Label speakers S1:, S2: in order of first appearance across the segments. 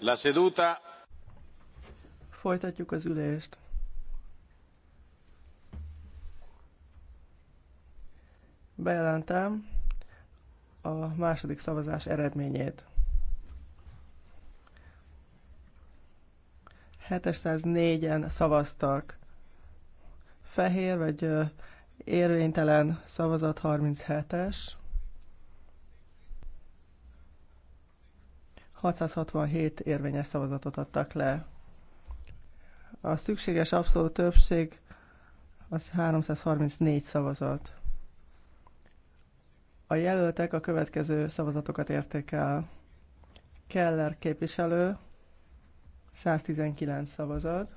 S1: La seduta.
S2: Folytatjuk az ülést. Bejelentem a második szavazás eredményét. 704-en szavaztak. Fehér vagy érvénytelen szavazat 37-es. 667 érvényes szavazatot adtak le. A szükséges abszolút többség az 334 szavazat. A jelöltek a következő szavazatokat érték el. Keller képviselő 119 szavazat.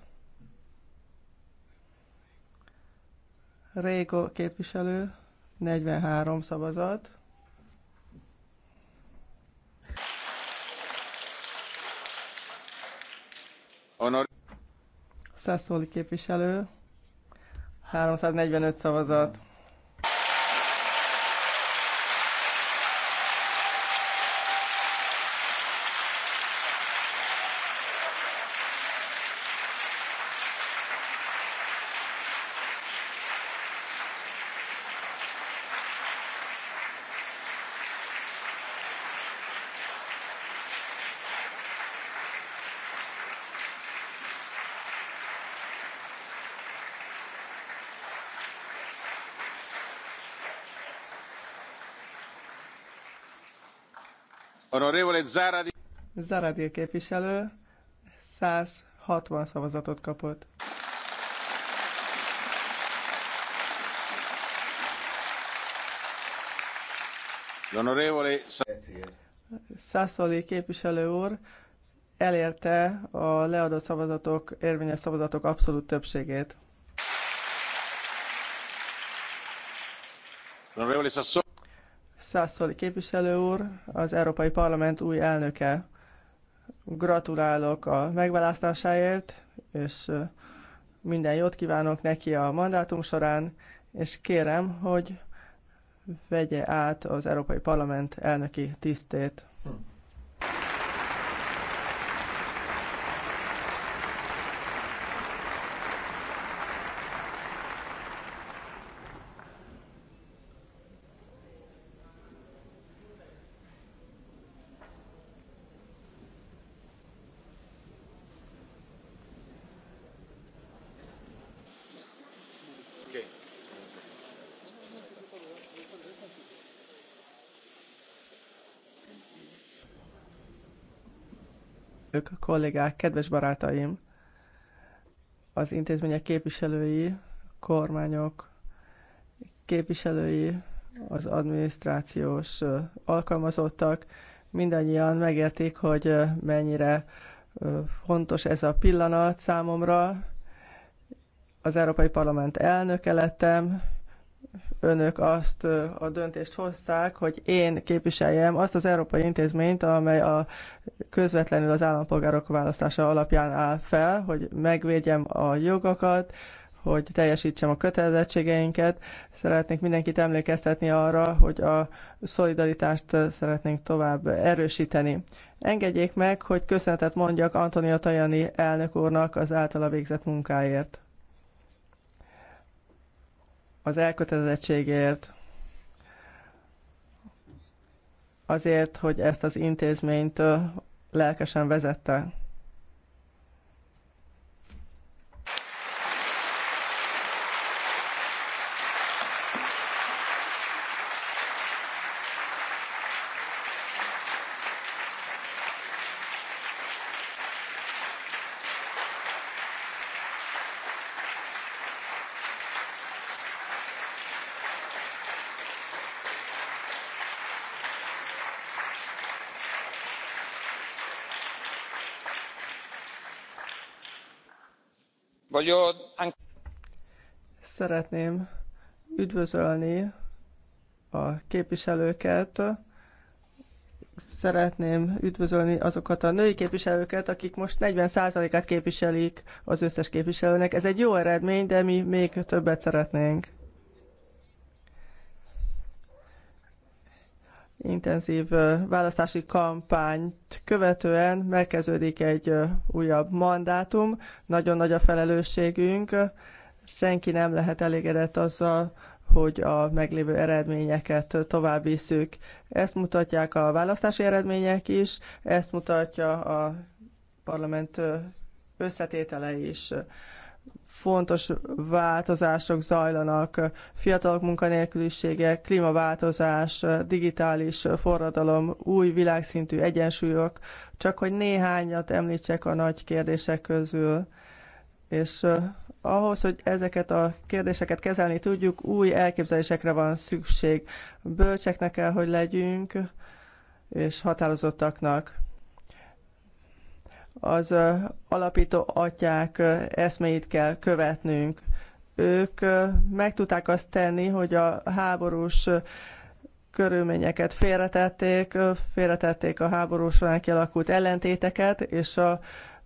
S2: Régo képviselő 43 szavazat. Szászóli képviselő, 345 szavazat. Zaradil képviselő 160 szavazatot kapott.
S1: L'onorevole
S2: Sassoli képviselő úr elérte a leadott szavazatok, érvényes szavazatok abszolút többségét.
S1: L'onorevole Sassoli.
S2: Szászoli képviselő úr, az Európai Parlament új elnöke. Gratulálok a megválasztásáért, és minden jót kívánok neki a mandátum során, és kérem, hogy vegye át az Európai Parlament elnöki tisztét. Hm. képviselők, kollégák, kedves barátaim, az intézmények képviselői, kormányok képviselői, az adminisztrációs alkalmazottak, mindannyian megértik, hogy mennyire fontos ez a pillanat számomra. Az Európai Parlament elnöke lettem, önök azt a döntést hozták, hogy én képviseljem azt az európai intézményt, amely a közvetlenül az állampolgárok választása alapján áll fel, hogy megvédjem a jogokat, hogy teljesítsem a kötelezettségeinket. Szeretnék mindenkit emlékeztetni arra, hogy a szolidaritást szeretnénk tovább erősíteni. Engedjék meg, hogy köszönetet mondjak Antonio Tajani elnök úrnak az általa végzett munkáért az elkötelezettségért, azért, hogy ezt az intézményt lelkesen vezette. Szeretném üdvözölni a képviselőket, szeretném üdvözölni azokat a női képviselőket, akik most 40%-át képviselik az összes képviselőnek. Ez egy jó eredmény, de mi még többet szeretnénk. intenzív választási kampányt követően megkezdődik egy újabb mandátum. Nagyon nagy a felelősségünk, senki nem lehet elégedett azzal, hogy a meglévő eredményeket tovább viszük. Ezt mutatják a választási eredmények is, ezt mutatja a parlament összetétele is fontos változások zajlanak. Fiatalok munkanélkülisége, klímaváltozás, digitális forradalom, új világszintű egyensúlyok, csak hogy néhányat említsek a nagy kérdések közül. És ahhoz, hogy ezeket a kérdéseket kezelni tudjuk, új elképzelésekre van szükség. Bölcseknek kell, hogy legyünk, és határozottaknak az alapító atyák eszméit kell követnünk. Ők meg tudták azt tenni, hogy a háborús körülményeket félretették, félretették a háborús során kialakult ellentéteket, és a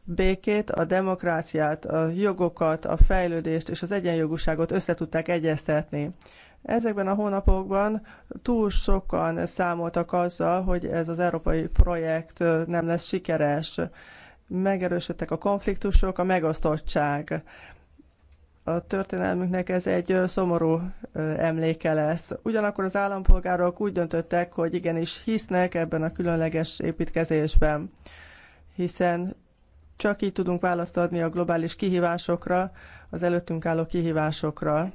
S2: békét, a demokráciát, a jogokat, a fejlődést és az egyenjogúságot össze tudták egyeztetni. Ezekben a hónapokban túl sokan számoltak azzal, hogy ez az európai projekt nem lesz sikeres megerősödtek a konfliktusok, a megosztottság. A történelmünknek ez egy szomorú emléke lesz. Ugyanakkor az állampolgárok úgy döntöttek, hogy igenis hisznek ebben a különleges építkezésben, hiszen csak így tudunk választ adni a globális kihívásokra, az előttünk álló kihívásokra.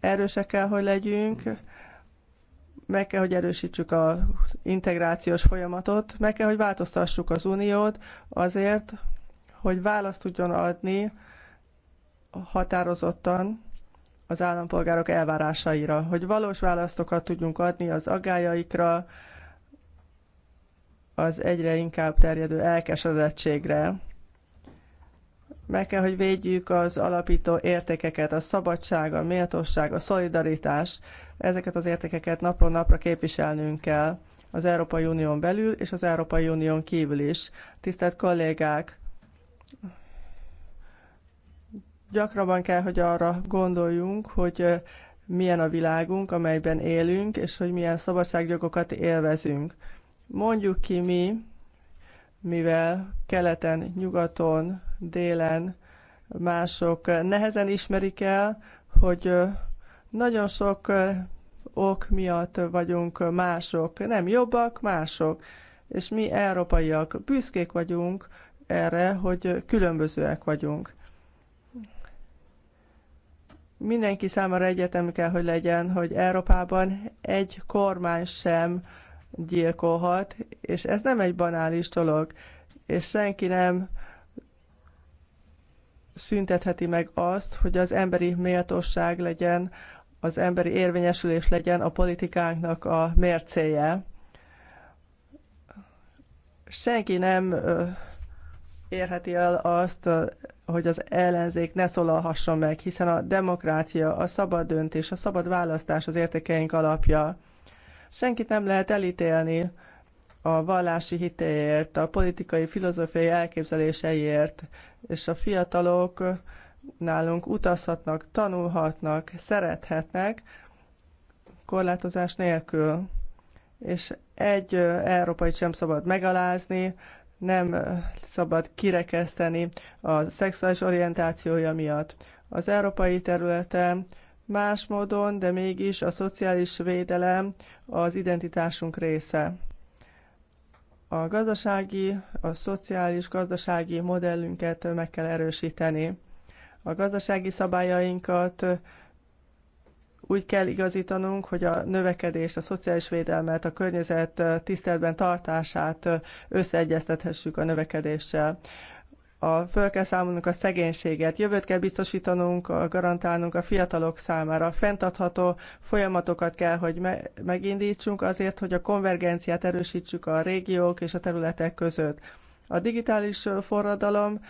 S2: Erősek kell, hogy legyünk, meg kell, hogy erősítsük az integrációs folyamatot, meg kell, hogy változtassuk az uniót azért, hogy választ tudjon adni határozottan az állampolgárok elvárásaira, hogy valós választokat tudjunk adni az aggájaikra, az egyre inkább terjedő elkeseredettségre. Meg kell, hogy védjük az alapító értékeket, a szabadság, a méltóság, a szolidaritás. Ezeket az értékeket napról napra képviselnünk kell az Európai Unión belül és az Európai Unión kívül is. Tisztelt kollégák, gyakrabban kell, hogy arra gondoljunk, hogy milyen a világunk, amelyben élünk, és hogy milyen szabadságjogokat élvezünk. Mondjuk ki mi, mivel keleten, nyugaton, délen mások nehezen ismerik el, hogy nagyon sok ok miatt vagyunk mások, nem jobbak, mások. És mi európaiak büszkék vagyunk erre, hogy különbözőek vagyunk. Mindenki számára egyetem kell, hogy legyen, hogy Európában egy kormány sem gyilkolhat, és ez nem egy banális dolog, és senki nem szüntetheti meg azt, hogy az emberi méltóság legyen, az emberi érvényesülés legyen a politikánknak a mércéje. Senki nem érheti el azt, hogy az ellenzék ne szólalhasson meg, hiszen a demokrácia, a szabad döntés, a szabad választás az értékeink alapja. Senkit nem lehet elítélni a vallási hitéért, a politikai, filozófiai elképzeléseiért, és a fiatalok nálunk utazhatnak, tanulhatnak, szerethetnek korlátozás nélkül. És egy európai sem szabad megalázni, nem szabad kirekeszteni a szexuális orientációja miatt. Az európai területen más módon, de mégis a szociális védelem az identitásunk része. A gazdasági, a szociális gazdasági modellünket meg kell erősíteni. A gazdasági szabályainkat úgy kell igazítanunk, hogy a növekedést, a szociális védelmet, a környezet tiszteletben tartását összeegyeztethessük a növekedéssel a, föl kell számolnunk a szegénységet, jövőt kell biztosítanunk, garantálnunk a fiatalok számára. Fenntartható folyamatokat kell, hogy me- megindítsunk azért, hogy a konvergenciát erősítsük a régiók és a területek között. A digitális forradalom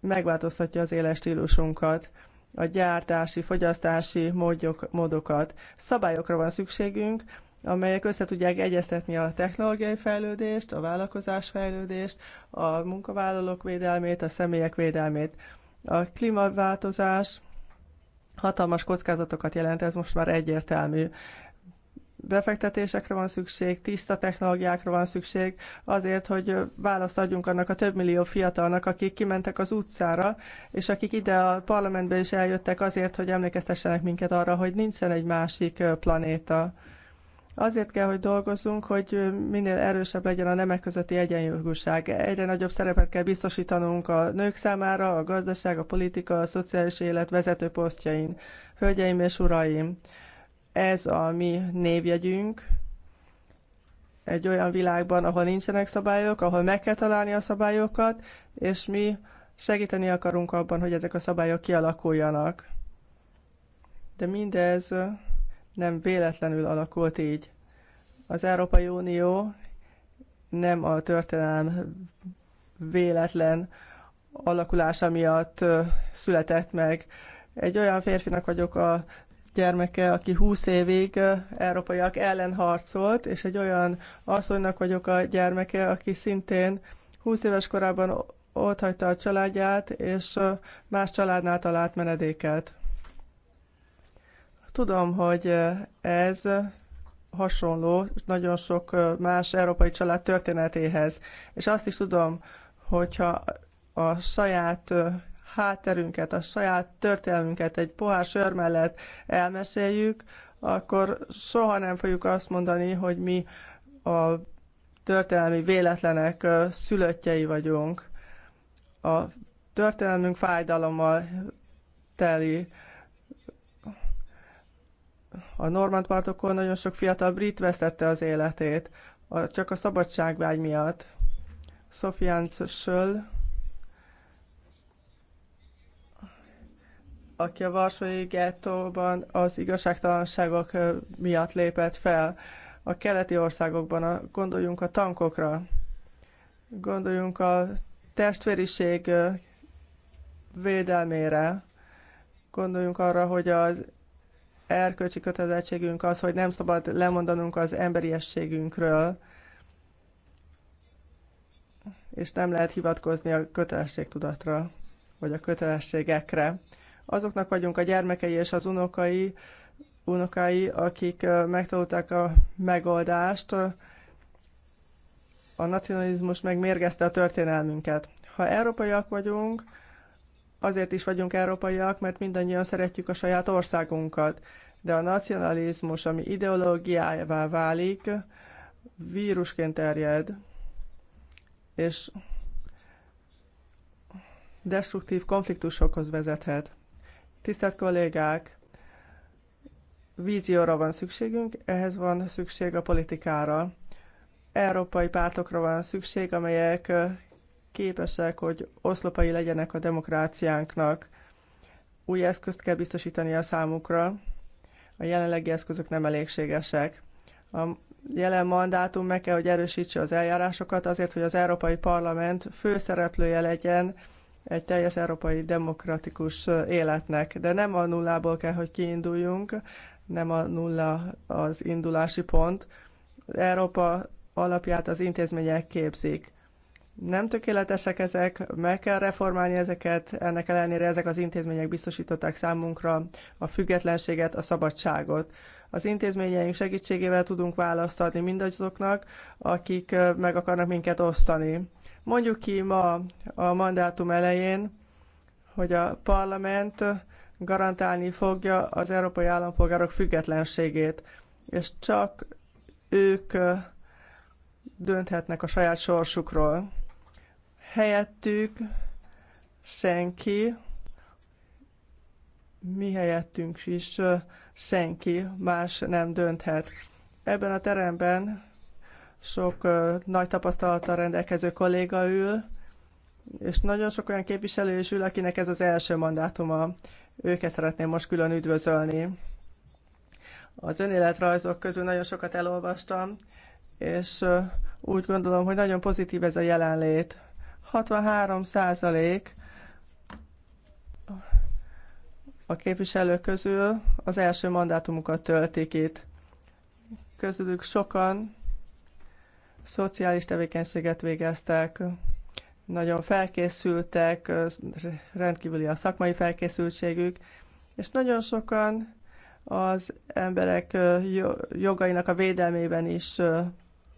S2: megváltoztatja az élestílusunkat, a gyártási, fogyasztási módjok, módokat. Szabályokra van szükségünk, amelyek összetudják egyeztetni a technológiai fejlődést, a vállalkozás fejlődést, a munkavállalók védelmét, a személyek védelmét. A klímaváltozás hatalmas kockázatokat jelent, ez most már egyértelmű befektetésekre van szükség, tiszta technológiákra van szükség, azért, hogy választ adjunk annak a több millió fiatalnak, akik kimentek az utcára, és akik ide a parlamentbe is eljöttek azért, hogy emlékeztessenek minket arra, hogy nincsen egy másik planéta. Azért kell, hogy dolgozzunk, hogy minél erősebb legyen a nemek közötti egyenjogúság. Egyre nagyobb szerepet kell biztosítanunk a nők számára, a gazdaság, a politika, a szociális élet vezető posztjain. Hölgyeim és uraim, ez a mi névjegyünk, egy olyan világban, ahol nincsenek szabályok, ahol meg kell találni a szabályokat, és mi segíteni akarunk abban, hogy ezek a szabályok kialakuljanak. De mindez nem véletlenül alakult így. Az Európai Unió nem a történelem véletlen alakulása miatt született meg. Egy olyan férfinak vagyok a gyermeke, aki 20 évig európaiak ellen harcolt, és egy olyan asszonynak vagyok a gyermeke, aki szintén 20 éves korában ott hagyta a családját, és más családnál talált menedéket. Tudom, hogy ez hasonló nagyon sok más európai család történetéhez. És azt is tudom, hogyha a saját hátterünket, a saját történelmünket egy pohár sör mellett elmeséljük, akkor soha nem fogjuk azt mondani, hogy mi a történelmi véletlenek szülöttjei vagyunk. A történelmünk fájdalommal teli, a normand partokon nagyon sok fiatal brit vesztette az életét, a, csak a szabadságvágy miatt. Sofian Schöll, aki a Varsói gettóban az igazságtalanságok miatt lépett fel. A keleti országokban a, gondoljunk a tankokra, gondoljunk a testvériség védelmére, gondoljunk arra, hogy az erkölcsi kötelezettségünk az, hogy nem szabad lemondanunk az emberiességünkről, és nem lehet hivatkozni a kötelességtudatra, vagy a kötelességekre. Azoknak vagyunk a gyermekei és az unokai, unokai, akik megtanulták a megoldást, a nacionalizmus megmérgezte a történelmünket. Ha európaiak vagyunk, Azért is vagyunk európaiak, mert mindannyian szeretjük a saját országunkat. De a nacionalizmus, ami ideológiává válik, vírusként terjed, és destruktív konfliktusokhoz vezethet. Tisztelt kollégák, vízióra van szükségünk, ehhez van szükség a politikára. Európai pártokra van szükség, amelyek képesek, hogy oszlopai legyenek a demokráciánknak. Új eszközt kell biztosítani a számukra, a jelenlegi eszközök nem elégségesek. A jelen mandátum meg kell, hogy erősítse az eljárásokat azért, hogy az Európai Parlament főszereplője legyen egy teljes európai demokratikus életnek. De nem a nullából kell, hogy kiinduljunk, nem a nulla az indulási pont. Európa alapját az intézmények képzik nem tökéletesek ezek, meg kell reformálni ezeket, ennek ellenére ezek az intézmények biztosították számunkra a függetlenséget, a szabadságot. Az intézményeink segítségével tudunk választ adni mindazoknak, akik meg akarnak minket osztani. Mondjuk ki ma a mandátum elején, hogy a parlament garantálni fogja az európai állampolgárok függetlenségét, és csak ők dönthetnek a saját sorsukról helyettük senki, mi helyettünk is senki más nem dönthet. Ebben a teremben sok nagy tapasztalattal rendelkező kolléga ül, és nagyon sok olyan képviselő is ül, akinek ez az első mandátuma. Őket szeretném most külön üdvözölni. Az önéletrajzok közül nagyon sokat elolvastam, és úgy gondolom, hogy nagyon pozitív ez a jelenlét. 63 százalék a képviselők közül az első mandátumukat töltik itt. Közülük sokan szociális tevékenységet végeztek, nagyon felkészültek, rendkívüli a szakmai felkészültségük, és nagyon sokan az emberek jogainak a védelmében is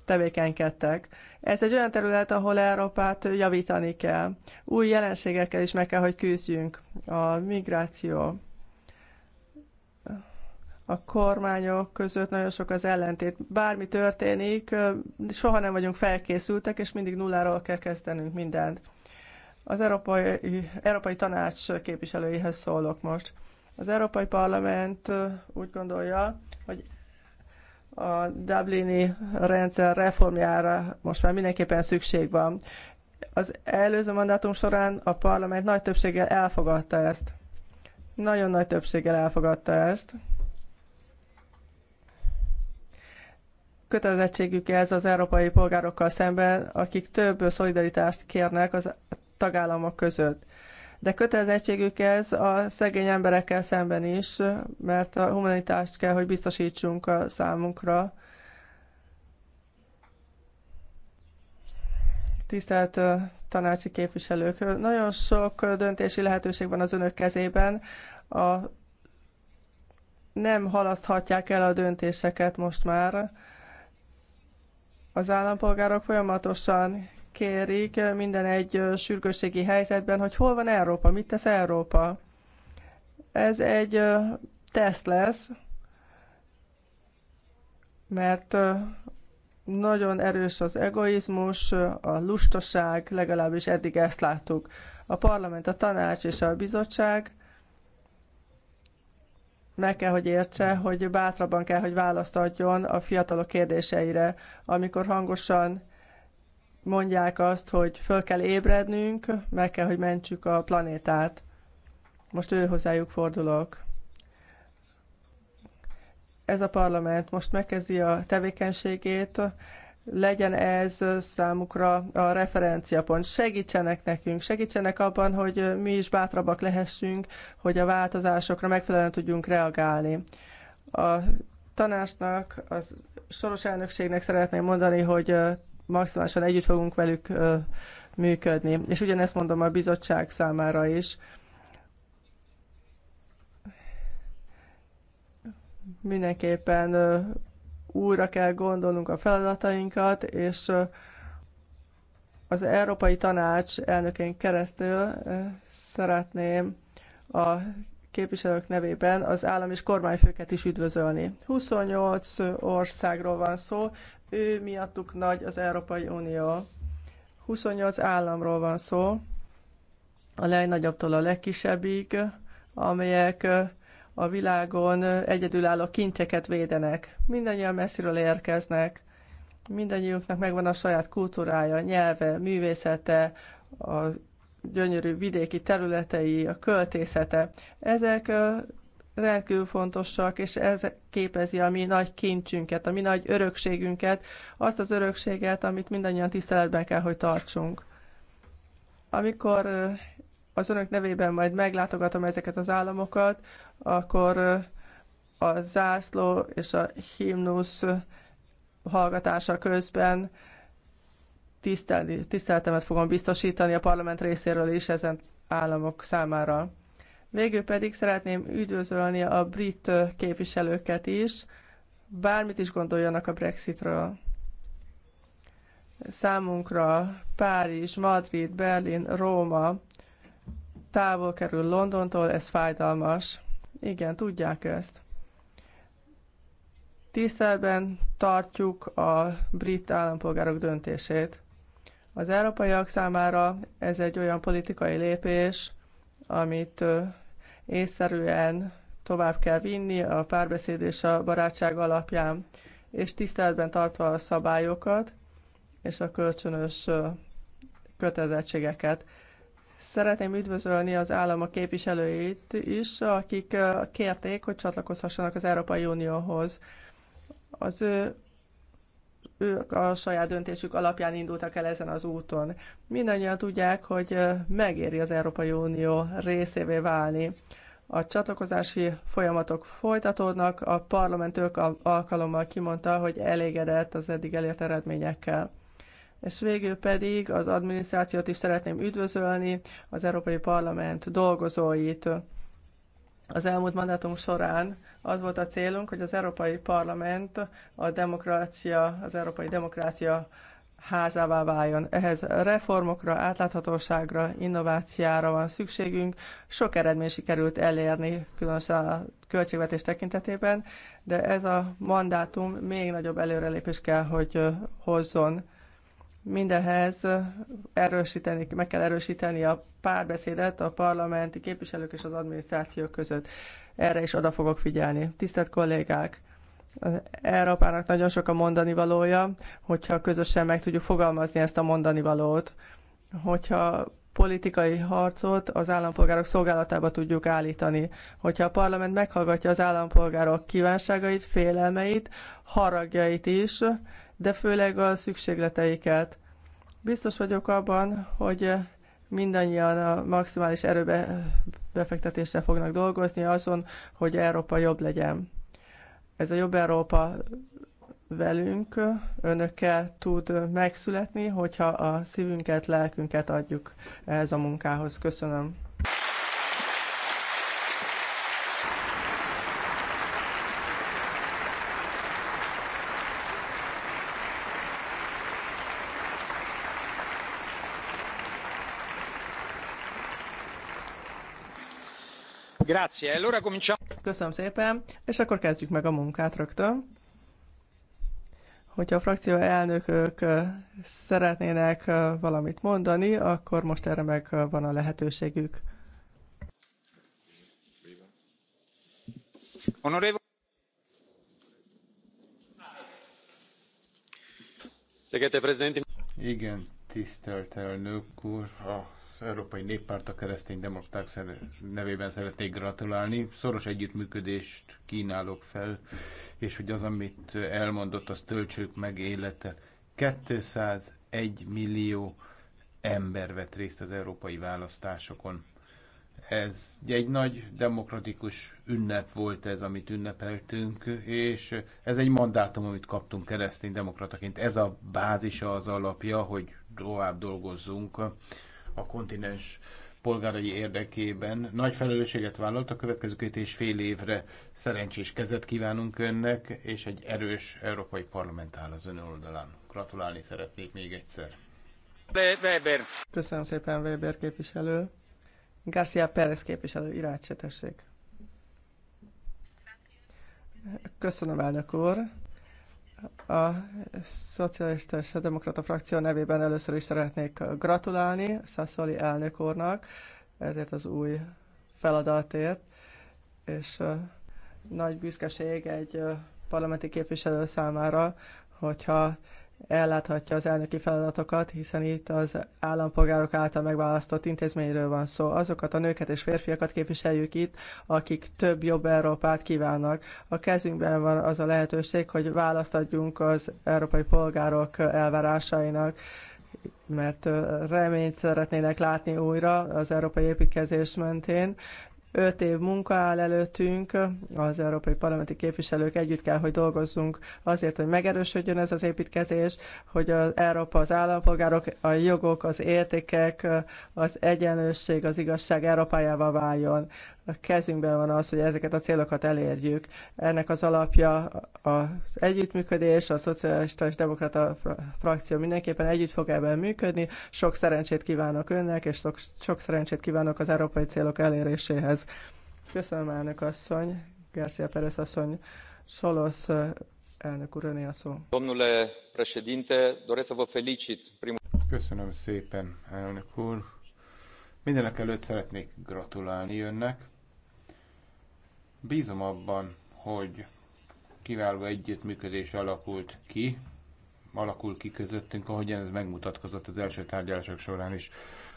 S2: tevékenykedtek. Ez egy olyan terület, ahol Európát javítani kell. Új jelenségekkel is meg kell, hogy küzdjünk. A migráció, a kormányok között nagyon sok az ellentét. Bármi történik, soha nem vagyunk felkészültek, és mindig nulláról kell kezdenünk mindent. Az Európai, Európai Tanács képviselőihez szólok most. Az Európai Parlament úgy gondolja, hogy a Dublini rendszer reformjára most már mindenképpen szükség van. Az előző mandátum során a parlament nagy többséggel elfogadta ezt. Nagyon nagy többséggel elfogadta ezt. Kötelezettségük ez az európai polgárokkal szemben, akik több szolidaritást kérnek az tagállamok között de kötelezettségük ez a szegény emberekkel szemben is, mert a humanitást kell, hogy biztosítsunk a számunkra. Tisztelt tanácsi képviselők, nagyon sok döntési lehetőség van az önök kezében. A nem halaszthatják el a döntéseket most már. Az állampolgárok folyamatosan kérik eh, minden egy eh, sürgősségi helyzetben, hogy hol van Európa, mit tesz Európa. Ez egy eh, teszt lesz, mert nagyon erős az egoizmus, a lustaság, legalábbis eddig ezt láttuk. A parlament, a tanács és a bizottság meg kell, hogy értse, hogy bátrabban kell, hogy választ adjon a fiatalok kérdéseire, amikor hangosan mondják azt, hogy föl kell ébrednünk, meg kell, hogy mentsük a planétát. Most ő hozzájuk fordulok. Ez a parlament most megkezdi a tevékenységét, legyen ez számukra a referenciapont. Segítsenek nekünk, segítsenek abban, hogy mi is bátrabbak lehessünk, hogy a változásokra megfelelően tudjunk reagálni. A tanácsnak, a soros elnökségnek szeretném mondani, hogy maximálisan együtt fogunk velük működni. És ugyanezt mondom a bizottság számára is. Mindenképpen újra kell gondolnunk a feladatainkat, és az Európai Tanács elnökén keresztül szeretném a képviselők nevében az állam és kormányfőket is üdvözölni. 28 országról van szó, ő miattuk nagy az Európai Unió. 28 államról van szó, a legnagyobbtól a legkisebbig, amelyek a világon egyedülálló kincseket védenek. Mindannyian messziről érkeznek, mindannyiuknak megvan a saját kultúrája, nyelve, művészete, a gyönyörű vidéki területei, a költészete. Ezek rendkívül fontosak, és ez képezi a mi nagy kincsünket, a mi nagy örökségünket, azt az örökséget, amit mindannyian tiszteletben kell, hogy tartsunk. Amikor az önök nevében majd meglátogatom ezeket az államokat, akkor a zászló és a himnusz hallgatása közben tiszteletemet fogom biztosítani a parlament részéről is ezen államok számára. Végül pedig szeretném üdvözölni a brit képviselőket is, bármit is gondoljanak a Brexitről. Számunkra Párizs, Madrid, Berlin, Róma távol kerül Londontól, ez fájdalmas. Igen, tudják ezt. Tiszteletben tartjuk a brit állampolgárok döntését. Az európaiak számára ez egy olyan politikai lépés, amit észszerűen tovább kell vinni a párbeszéd és a barátság alapján, és tiszteletben tartva a szabályokat és a kölcsönös kötelezettségeket. Szeretném üdvözölni az Állama képviselőit is, akik kérték, hogy csatlakozhassanak az Európai Unióhoz. Az ő ők a saját döntésük alapján indultak el ezen az úton. Mindannyian tudják, hogy megéri az Európai Unió részévé válni. A csatlakozási folyamatok folytatódnak, a parlament ők alkalommal kimondta, hogy elégedett az eddig elért eredményekkel. És végül pedig az adminisztrációt is szeretném üdvözölni, az Európai Parlament dolgozóit. Az elmúlt mandátum során az volt a célunk, hogy az Európai Parlament a demokrácia, az európai demokrácia házává váljon. Ehhez reformokra, átláthatóságra, innovációra van szükségünk. Sok eredmény sikerült elérni, különösen a költségvetés tekintetében, de ez a mandátum még nagyobb előrelépés kell, hogy hozzon mindehhez erősíteni, meg kell erősíteni a párbeszédet a parlamenti képviselők és az adminisztráció között. Erre is oda fogok figyelni. Tisztelt kollégák! Európának nagyon sok a mondani valója, hogyha közösen meg tudjuk fogalmazni ezt a mondani valót, hogyha politikai harcot az állampolgárok szolgálatába tudjuk állítani. Hogyha a parlament meghallgatja az állampolgárok kívánságait, félelmeit, haragjait is, de főleg a szükségleteiket. Biztos vagyok abban, hogy mindannyian a maximális erőbe befektetésre fognak dolgozni azon, hogy Európa jobb legyen. Ez a jobb Európa velünk, önökkel tud megszületni, hogyha a szívünket, lelkünket adjuk ehhez a munkához. Köszönöm. Köszönöm szépen, és akkor kezdjük meg a munkát rögtön. Hogyha a frakció elnökök szeretnének valamit mondani, akkor most erre meg van a lehetőségük.
S1: Honorévo... Igen, tisztelt elnök úr, a Európai Néppárt a keresztény demokraták nevében szeretnék gratulálni. Szoros együttműködést kínálok fel, és hogy az, amit elmondott, az töltsük meg élete. 201 millió ember vett részt az európai választásokon. Ez egy nagy demokratikus ünnep volt ez, amit ünnepeltünk, és ez egy mandátum, amit kaptunk keresztény demokrataként. Ez a bázisa, az alapja, hogy tovább dolgozzunk a kontinens polgárai érdekében. Nagy felelősséget vállalt a következő két és fél évre. Szerencsés kezet kívánunk önnek, és egy erős európai parlament áll az ön oldalán. Gratulálni szeretnék még egyszer. Weber.
S2: Köszönöm szépen, Weber képviselő. García Pérez képviselő, irány Köszönöm, elnök úr. A Szocialista és a Demokrata frakció nevében először is szeretnék gratulálni Szaszoli elnök úrnak ezért az új feladatért, és nagy büszkeség egy parlamenti képviselő számára, hogyha elláthatja az elnöki feladatokat, hiszen itt az állampolgárok által megválasztott intézményről van szó. Azokat a nőket és férfiakat képviseljük itt, akik több jobb Európát kívánnak. A kezünkben van az a lehetőség, hogy választ adjunk az európai polgárok elvárásainak, mert reményt szeretnének látni újra az európai építkezés mentén, Öt év munka áll előttünk, az európai parlamenti képviselők együtt kell, hogy dolgozzunk azért, hogy megerősödjön ez az építkezés, hogy az Európa az állampolgárok, a jogok, az értékek, az egyenlőség, az igazság Európájával váljon a kezünkben van az, hogy ezeket a célokat elérjük. Ennek az alapja az együttműködés, a szocialista és demokrata frakció mindenképpen együtt fog ebben működni. Sok szerencsét kívánok önnek, és sok, sok szerencsét kívánok az európai célok eléréséhez. Köszönöm, elnök asszony, Garcia Perez asszony, Solosz elnök úr, a szó. Köszönöm szépen, elnök úr.
S1: Mindenek előtt szeretnék gratulálni önnek. Bízom abban, hogy kiváló együttműködés alakult ki, alakul ki közöttünk, ahogy ez megmutatkozott az első tárgyalások során is.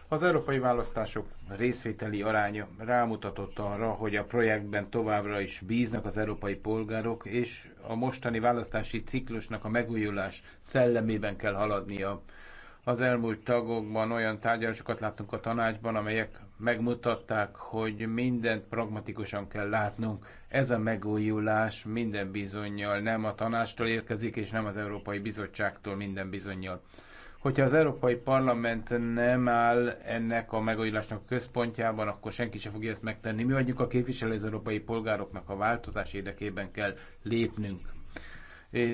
S1: Az európai választások részvételi aránya rámutatott arra, hogy a projektben továbbra is bíznak az európai polgárok, és a mostani választási ciklusnak a megújulás szellemében kell haladnia. Az elmúlt tagokban olyan tárgyalásokat láttunk a tanácsban, amelyek megmutatták, hogy mindent pragmatikusan kell látnunk. Ez a megújulás minden bizonyal nem a tanástól érkezik, és nem az Európai Bizottságtól minden bizonyal. Hogyha az Európai Parlament nem áll ennek a megújulásnak a központjában, akkor senki sem fogja ezt megtenni. Mi vagyunk a képviselő az európai polgároknak, a változás érdekében kell lépnünk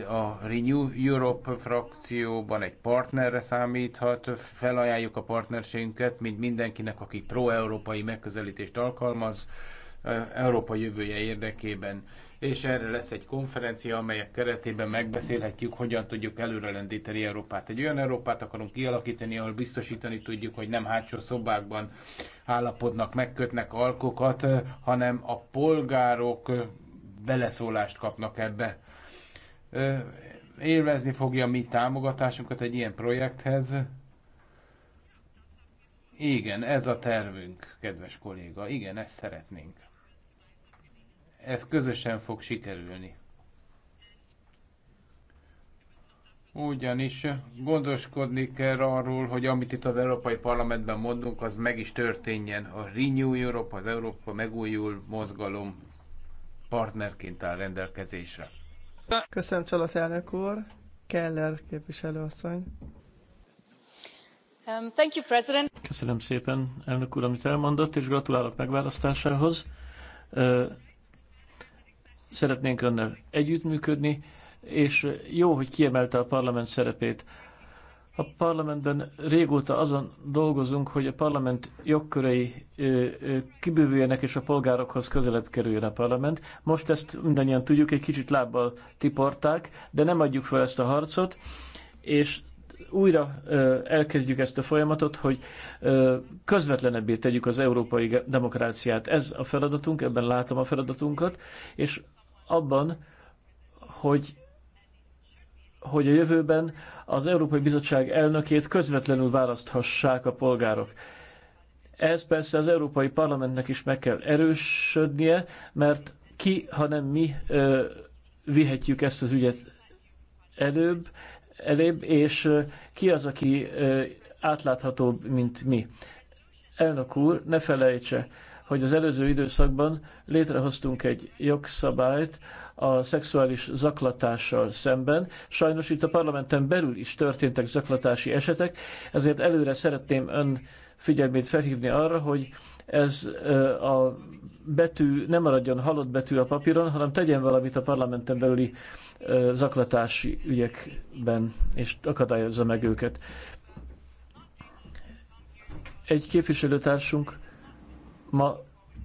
S1: a Renew Europe frakcióban egy partnerre számíthat, felajánljuk a partnerségünket, mint mindenkinek, aki pro-európai megközelítést alkalmaz, e, Európa jövője érdekében. És erre lesz egy konferencia, amelyek keretében megbeszélhetjük, hogyan tudjuk előrelendíteni Európát. Egy olyan Európát akarunk kialakítani, ahol biztosítani tudjuk, hogy nem hátsó szobákban állapodnak, megkötnek alkokat, hanem a polgárok beleszólást kapnak ebbe élvezni fogja mi támogatásunkat egy ilyen projekthez. Igen, ez a tervünk, kedves kolléga. Igen, ezt szeretnénk. Ez közösen fog sikerülni. Ugyanis gondoskodni kell arról, hogy amit itt az Európai Parlamentben mondunk, az meg is történjen. A Renew Europe, az Európa megújul mozgalom partnerként áll rendelkezésre.
S2: Köszönöm, Csalasz elnök úr. Keller képviselőasszony. Um, thank you, President. Köszönöm
S3: szépen, elnök úr, amit elmondott, és gratulálok megválasztásához. Szeretnénk önnel együttműködni, és jó, hogy kiemelte a parlament szerepét a parlamentben régóta azon dolgozunk, hogy a parlament jogkörei kibővüljenek, és a polgárokhoz közelebb kerüljön a parlament. Most ezt mindannyian tudjuk, egy kicsit lábbal tiporták, de nem adjuk fel ezt a harcot, és újra elkezdjük ezt a folyamatot, hogy közvetlenebbé tegyük az európai demokráciát. Ez a feladatunk, ebben látom a feladatunkat, és abban, hogy hogy a jövőben az Európai Bizottság elnökét közvetlenül választhassák a polgárok. Ez persze az Európai Parlamentnek is meg kell erősödnie, mert ki, hanem mi ö, vihetjük ezt az ügyet előbb, előbb és ki az, aki ö, átláthatóbb, mint mi. Elnök úr, ne felejtse, hogy az előző időszakban létrehoztunk egy jogszabályt, a szexuális zaklatással szemben. Sajnos itt a parlamenten belül is történtek zaklatási esetek, ezért előre szeretném ön figyelmét felhívni arra, hogy ez a betű nem maradjon halott betű a papíron, hanem tegyen valamit a parlamenten belüli zaklatási ügyekben, és akadályozza meg őket. Egy képviselőtársunk ma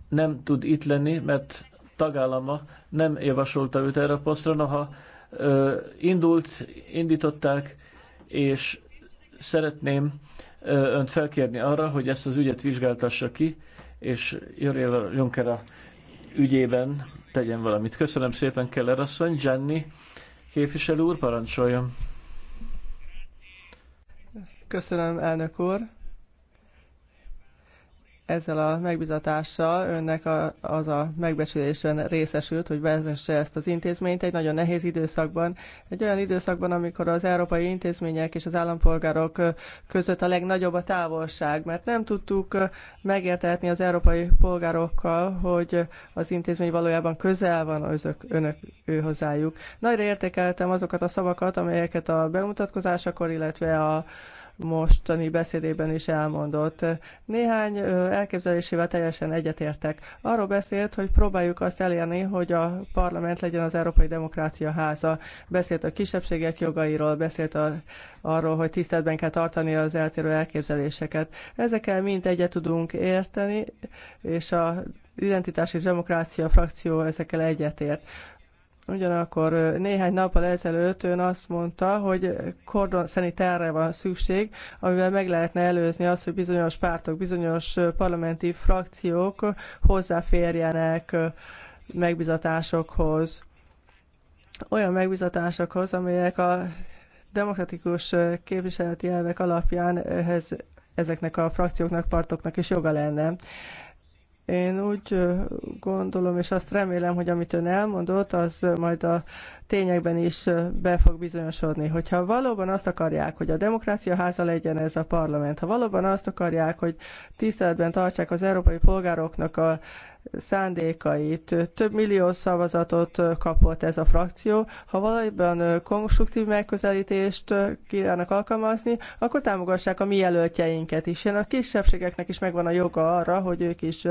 S3: nem tud itt lenni, mert tagállama nem javasolta őt erre a posztra, noha indult, indították, és szeretném önt felkérni arra, hogy ezt az ügyet vizsgáltassa ki, és Joriel Juncker a ügyében tegyen valamit. Köszönöm szépen, Keller asszony. Jenny képviselő úr, parancsoljon.
S2: Köszönöm, elnök úr. Ezzel a megbizatással önnek a, az a megbecsülésben részesült, hogy vezesse ezt az intézményt egy nagyon nehéz időszakban. Egy olyan időszakban, amikor az európai intézmények és az állampolgárok között a legnagyobb a távolság, mert nem tudtuk megértetni az európai polgárokkal, hogy az intézmény valójában közel van azok önök ő hozzájuk. Nagyra értékeltem azokat a szavakat, amelyeket a bemutatkozásakor, illetve a mostani beszédében is elmondott. Néhány elképzelésével teljesen egyetértek. Arról beszélt, hogy próbáljuk azt elérni, hogy a parlament legyen az Európai Demokrácia háza. Beszélt a kisebbségek jogairól, beszélt a, arról, hogy tiszteletben kell tartani az eltérő elképzeléseket. Ezekkel mind egyet tudunk érteni, és a identitás és demokrácia frakció ezekkel egyetért. Ugyanakkor néhány nappal ezelőtt ön azt mondta, hogy kordon szanitára van szükség, amivel meg lehetne előzni azt, hogy bizonyos pártok, bizonyos parlamenti frakciók hozzáférjenek megbizatásokhoz. Olyan megbizatásokhoz, amelyek a demokratikus képviseleti elvek alapján ehhez, ezeknek a frakcióknak, partoknak is joga lenne. Én úgy gondolom, és azt remélem, hogy amit ön elmondott, az majd a tényekben is be fog bizonyosodni. Hogyha valóban azt akarják, hogy a demokrácia háza legyen ez a parlament, ha valóban azt akarják, hogy tiszteletben tartsák az európai polgároknak a szándékait. Több millió szavazatot kapott ez a frakció. Ha valamiben konstruktív megközelítést kívánnak alkalmazni, akkor támogassák a mi jelöltjeinket is. Ilyen a kisebbségeknek is megvan a joga arra, hogy ők is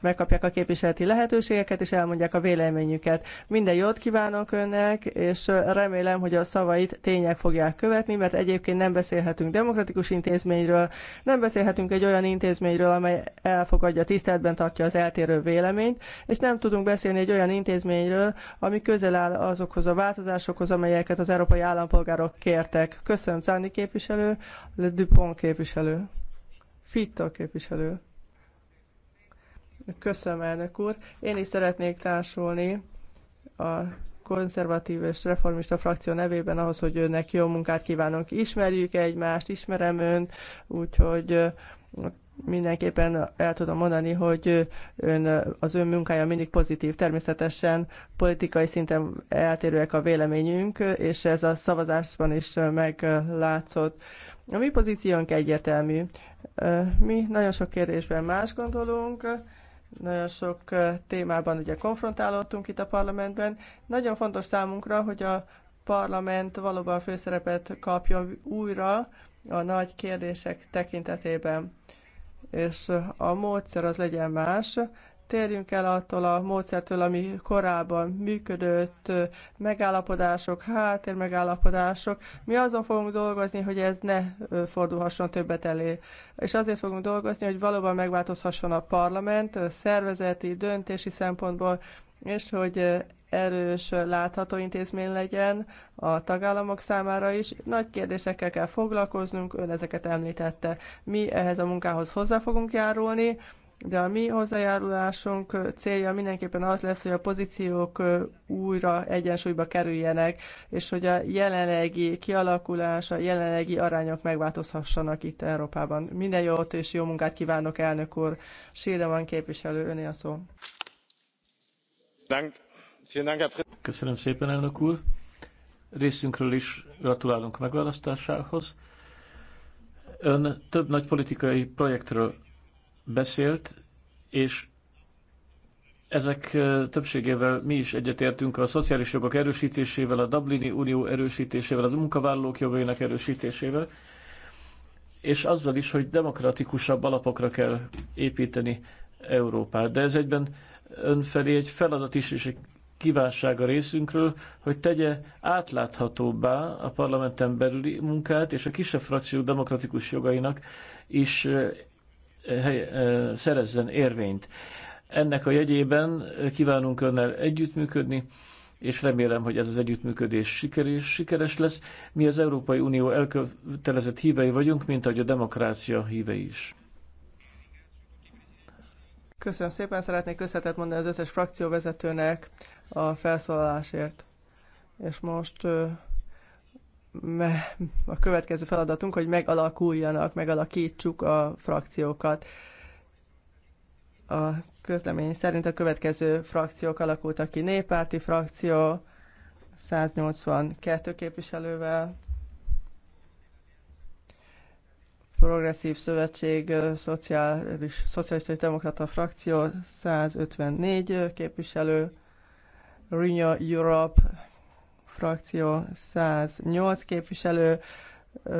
S2: megkapják a képviseleti lehetőségeket, és elmondják a véleményüket. Minden jót kívánok önnek, és remélem, hogy a szavait tények fogják követni, mert egyébként nem beszélhetünk demokratikus intézményről, nem beszélhetünk egy olyan intézményről, amely elfogadja, tiszteletben tartja az eltérő véleményeket, véleményt, és nem tudunk beszélni egy olyan intézményről, ami közel áll azokhoz a változásokhoz, amelyeket az európai állampolgárok kértek. Köszönöm, Czáni képviselő, Le Dupont képviselő, Fitta képviselő. Köszönöm, elnök úr. Én is szeretnék társulni a konzervatív és reformista frakció nevében ahhoz, hogy önnek jó munkát kívánunk. Ismerjük egymást, ismerem önt, úgyhogy mindenképpen el tudom mondani, hogy ön, az ön munkája mindig pozitív. Természetesen politikai szinten eltérőek a véleményünk, és ez a szavazásban is meglátszott. A mi pozíciónk egyértelmű. Mi nagyon sok kérdésben más gondolunk, nagyon sok témában ugye konfrontálódtunk itt a parlamentben. Nagyon fontos számunkra, hogy a parlament valóban főszerepet kapjon újra a nagy kérdések tekintetében és a módszer az legyen más. Térjünk el attól a módszertől, ami korábban működött, megállapodások, háttérmegállapodások. Mi azon fogunk dolgozni, hogy ez ne fordulhasson többet elé. És azért fogunk dolgozni, hogy valóban megváltozhasson a parlament szervezeti, döntési szempontból, és hogy erős, látható intézmény legyen a tagállamok számára is. Nagy kérdésekkel kell foglalkoznunk, ön ezeket említette. Mi ehhez a munkához hozzá fogunk járulni, de a mi hozzájárulásunk célja mindenképpen az lesz, hogy a pozíciók újra egyensúlyba kerüljenek, és hogy a jelenlegi kialakulás, a jelenlegi arányok megváltozhassanak itt Európában. Minden jót és jó munkát kívánok, elnök úr. Sildeman képviselő, öné a szó.
S1: Dank
S3: Köszönöm szépen, elnök úr. Részünkről is gratulálunk megválasztásához. Ön több nagy politikai projektről beszélt, és ezek többségével mi is egyetértünk a szociális jogok erősítésével, a Dublini Unió erősítésével, az munkavállalók jogainak erősítésével, és azzal is, hogy demokratikusabb alapokra kell építeni Európát. De ez egyben önfelé egy feladat is és egy kívánság a részünkről, hogy tegye átláthatóbbá a parlamenten belüli munkát, és a kisebb frakció demokratikus jogainak is eh, eh, szerezzen érvényt. Ennek a jegyében kívánunk önnel együttműködni, és remélem, hogy ez az együttműködés sikeres, sikeres lesz. Mi az Európai Unió elkötelezett hívei vagyunk, mint ahogy a demokrácia hívei is.
S2: Köszönöm szépen, szeretnék köszönetet mondani az összes frakcióvezetőnek, a felszólalásért. És most a következő feladatunk, hogy megalakuljanak, megalakítsuk a frakciókat. A közlemény szerint a következő frakciók alakultak ki. Néppárti frakció 182 képviselővel, Progresszív Szövetség Szociális, Szocialista és Demokrata frakció 154 képviselő, Renew Europe frakció 108 képviselő,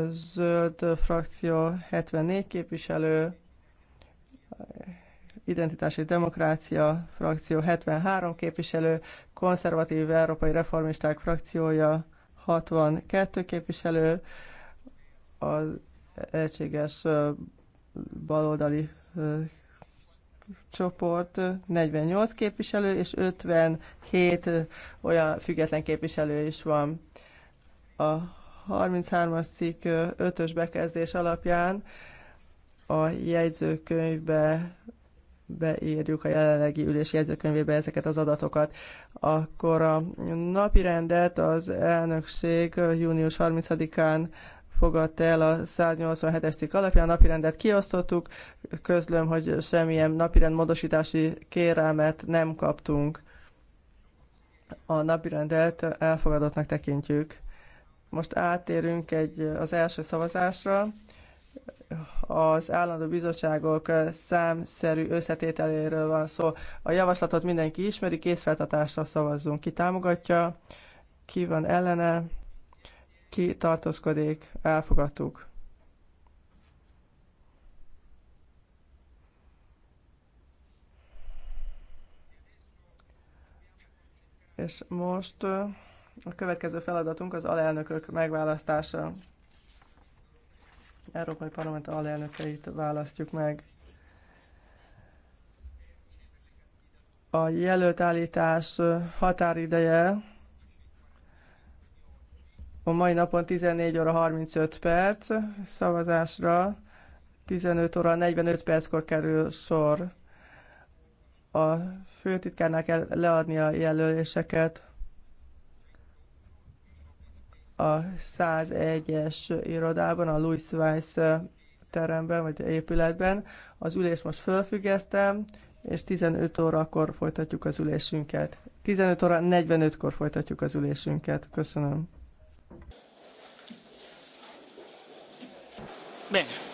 S2: zöld frakció 74 képviselő, identitási demokrácia frakció 73 képviselő, konzervatív európai reformisták frakciója 62 képviselő, az egységes baloldali csoport 48 képviselő és 57 olyan független képviselő is van. A 33-as cikk 5-ös bekezdés alapján a jegyzőkönyvbe beírjuk a jelenlegi ülés jegyzőkönyvébe ezeket az adatokat. Akkor a napi rendet az elnökség június 30-án fogadta el a 187-es cikk alapján. Napirendet kiosztottuk, közlöm, hogy semmilyen napirend módosítási kérelmet nem kaptunk. A napirendet elfogadottnak tekintjük. Most átérünk egy, az első szavazásra. Az állandó bizottságok számszerű összetételéről van szó. A javaslatot mindenki ismeri, készfeltatásra szavazzunk. Ki támogatja, ki van ellene, ki tartózkodik, elfogadtuk. És most a következő feladatunk az alelnökök megválasztása. Európai Parlament alelnökeit választjuk meg. A jelöltállítás határideje a mai napon 14 óra 35 perc szavazásra 15 óra 45 perckor kerül sor. A főtitkárnak kell leadni a jelöléseket a 101-es irodában, a Louis Weiss teremben vagy épületben. Az ülés most fölfüggesztem, és 15 órakor folytatjuk az ülésünket. 15 óra 45-kor folytatjuk az ülésünket. Köszönöm.
S3: bene.